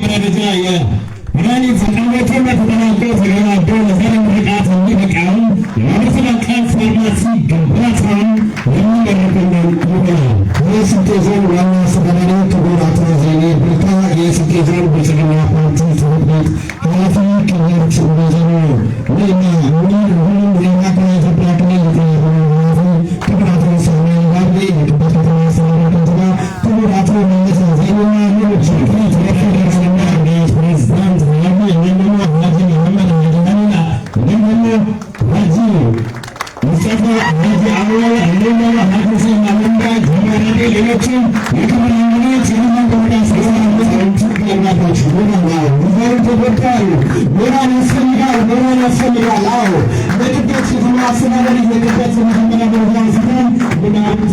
የስልጤ ዞን ዋና አስተዳዳሪ ክቡር አቶ ዘይኔ ቡልታ የስልጤ ዞን ብልጽግና ፓርቲ ጽሕፈት ቤት ኃላፊ ክቡር ወይዘሮ ሌና ሁሉም ሌና ያስፈልጋል፣ እግዚአብሔር ተጎድቷል፣ ሞራል ያስፈልጋል፣ ሞራል ያስፈልጋል። አዎ በቅዳሴ ስናስብ እየቅዳሴ መጀመሪያ በዚያ ስትል ብናቤት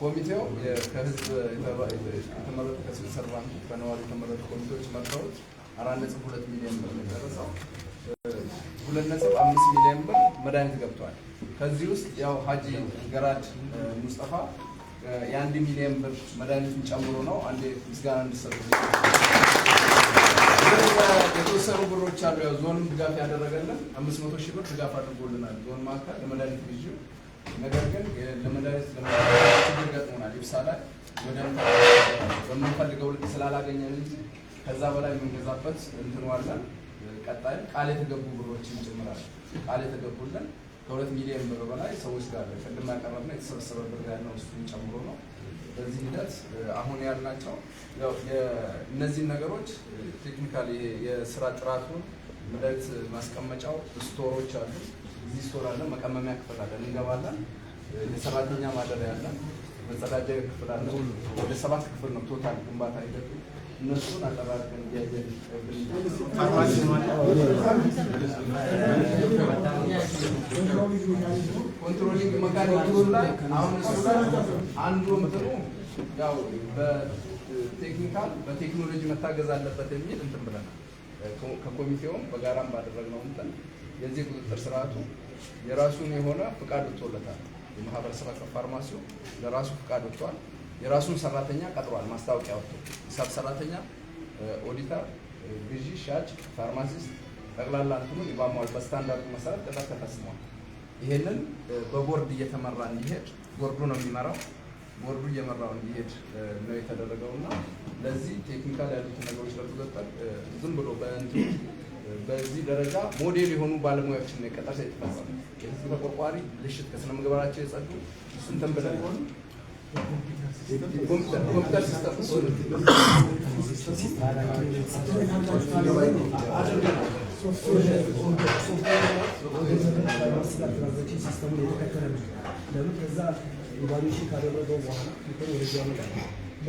ኮሚቴው ከህዝብ የተመረጡ ከሲቪል ከነዋሪ የተመረጡ ኮሚቴዎች መርተውት አራት ነጥብ ሁለት ሚሊዮን ብር የደረሰው ሁለት ነጥብ አምስት ሚሊዮን ብር መድኃኒት ገብቷል። ከዚህ ውስጥ ያው ሀጂ ገራድ ሙስጠፋ የአንድ ሚሊዮን ብር መድኃኒቱን ጨምሮ ነው። አንዴ ምስጋና እንዲሰጡ የተወሰኑ ብሮች አሉ። ያው ዞንም ድጋፍ ያደረገልን አምስት መቶ ሺህ ብር ድጋፍ አድርጎልናል ዞን ማዕከል ለመድኃኒት ግዢ ነገር ግን ለመድኃኒት ኢብሳ ላይ በምንፈልገው ልክ ስላላገኘን እንጂ ከዛ በላይ የምንገዛበት እንትንዋለን። ቀጣይ ቃል የተገቡ ብሮች ጭምራል ቃል የተገቡልን ከሁለት ሚሊዮን ብር በላይ ሰዎች ጋር ቅድም ያቀረብነው የተሰበሰበ ብር ያለው እሱን ጨምሮ ነው። በዚህ ሂደት አሁን ያልናቸው እነዚህን ነገሮች ቴክኒካል የስራ ጥራቱን መሬት ማስቀመጫው ስቶሮች አሉ። እዚህ ስቶር አለ፣ መቀመሚያ ክፍል አለ፣ እንገባለን። የሰራተኛ ማደሪያ አለ። መጸዳጃ ክፍል አለ። ወደ ሰባት ክፍል ነው ቶታል ግንባታ ሂደቱ። እነሱን አጠራቅን እያየን ኮንትሮሊንግ መካኒዝም ላይ አሁን አንዱ እንትኑ ያው በቴክኒካል በቴክኖሎጂ መታገዝ አለበት የሚል እንትን ብለናል። ከኮሚቴውም በጋራም ባደረግነው እንትን የዚህ ቁጥጥር ስርዓቱ የራሱን የሆነ ፍቃድ ወጥቶለታል። የማህበረሰብ አቀፍ ፋርማሲው ለራሱ ፍቃድ ወጥቷል። የራሱን ሰራተኛ ቀጥሯል። ማስታወቂያ ወጥቶ ሂሳብ ሰራተኛ፣ ኦዲተር፣ ግዢ፣ ሻጭ፣ ፋርማሲስት ጠቅላላ እንትኑን ይባማዋል። በስታንዳርዱ መሰረት ቅጥር ተፈጽሟል። ይሄንን በቦርድ እየተመራ እንዲሄድ ቦርዱ ነው የሚመራው። ቦርዱ እየመራው እንዲሄድ ነው የተደረገው እና ለዚህ ቴክኒካል ያሉትን ነገሮች ለመጠጠቅ ዝም ብሎ በእንትኑ በዚህ ደረጃ ሞዴል የሆኑ ባለሙያዎችን የቀጠር የተፈጸመ የህዝብ ተቆርቋሪ ብልሽት ከስነ ምግባራቸው የጸዱ ስንተን ተንበለ ሆኑ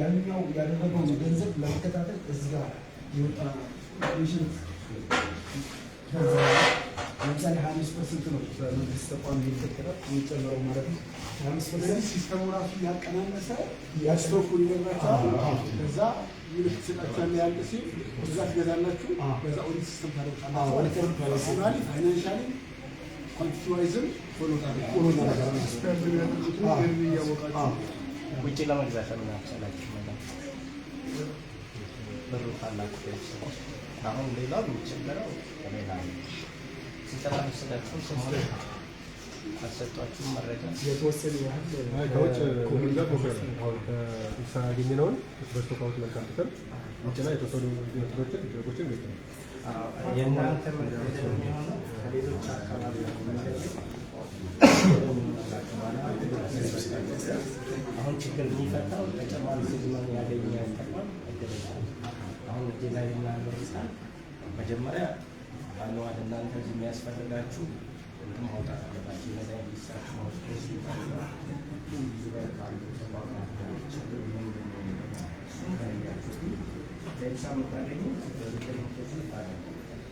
ያንኛው ያደረገውን ገንዘብ ለመከታተል እዚህ ጋር የወጣ ለምሳሌ ሀያ አምስት ፐርሰንት ነው በመንግስት ተቋም የሚፈጠረው የሚጨመረው ማለት ነው። ሀያ አምስት ፐርሰንት ሲስተሙ ራሱ ያቀናነሰ ያስቶኩ ይነግራቸዋል። ከዛ ይልክ ስላቸዋል ያለ ሲል እዛ ትገዛላችሁ። በዛ ኦዲት ሲስተም ታደርጋላችሁናል። ፋይናንሻሊ ኳንቲቲዋይዝም ፎሎ ጣሎ ውጭ ለመግዛት ምናምን ስላችሁ ብሩ ካላችሁ ቤተሰቦች አሁን ሌላው የሚቸገረው ሌላ ነው። ስልጠና መሰላችሁ አልሰጧችሁም መረጃ የተወሰነ ያህል ከውጭ ኮሚኒ ጋር በኢሳ ያገኘነውን በስቶካውት መልካምትተን ውጭ ላይ የተወሰኑ ነጥቦችን ድረጎችን ቤት ነው የእናንተ መረጃ የሚሆነው ከሌሎች አካባቢ አሁን ችግር የሚፈታው ተጨማሪ ሲዝመን ያገኘ ተቋም እድለታል። አሁን ዲዛይንና ምርሳል መጀመሪያ አለዋል እናንተ የሚያስፈልጋችሁ ማውጣት አለባቸው ዲዛይን ሊሳች ማውጣት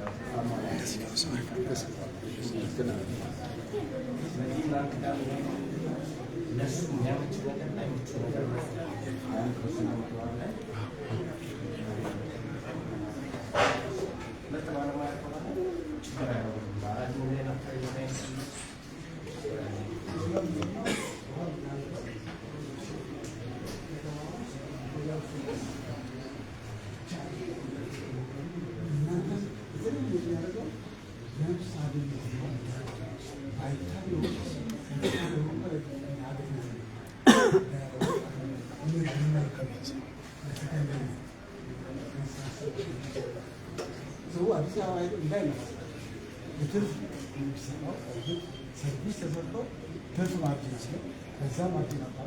ነው። Allah bize ayrım vermesin. Bütün bilgisayarlar, bütün servis tasarruf, tırf makinesi, kasa makineler.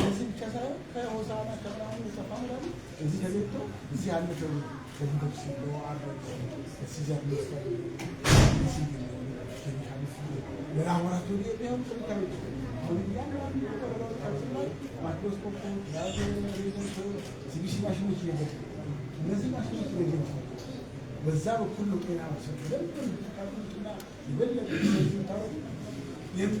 በዚህ ብቻ ሳይሆን ከሆሳና ከብርሃን የሰፋ ምናምን እዚህ ተገብቶ እዚህ ያለ ሰው ከዚህ ሲሎ አለ ሲዘር ለላቦራቶሪ የሚሆኑ ጥንካሬዎች ማክሮስኮፖች ሲቪሲ ማሽኖች እነዚህ ማሽኖች ነገ በዛ በኩል ነው ጤና መውሰድ ና የበለጠ ለዚህ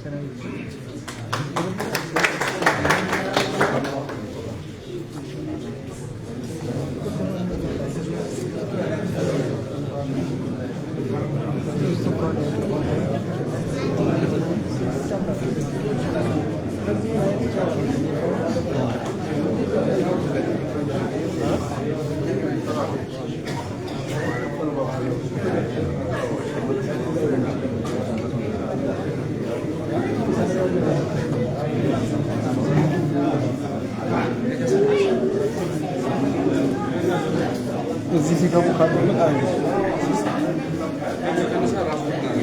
Gracias. specifika που κάνει με κάνει. Σωστά. Έτσι, κανείς να ράζει να κάνει.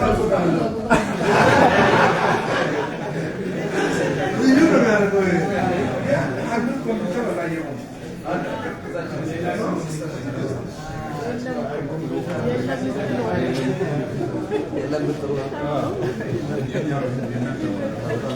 لمة الله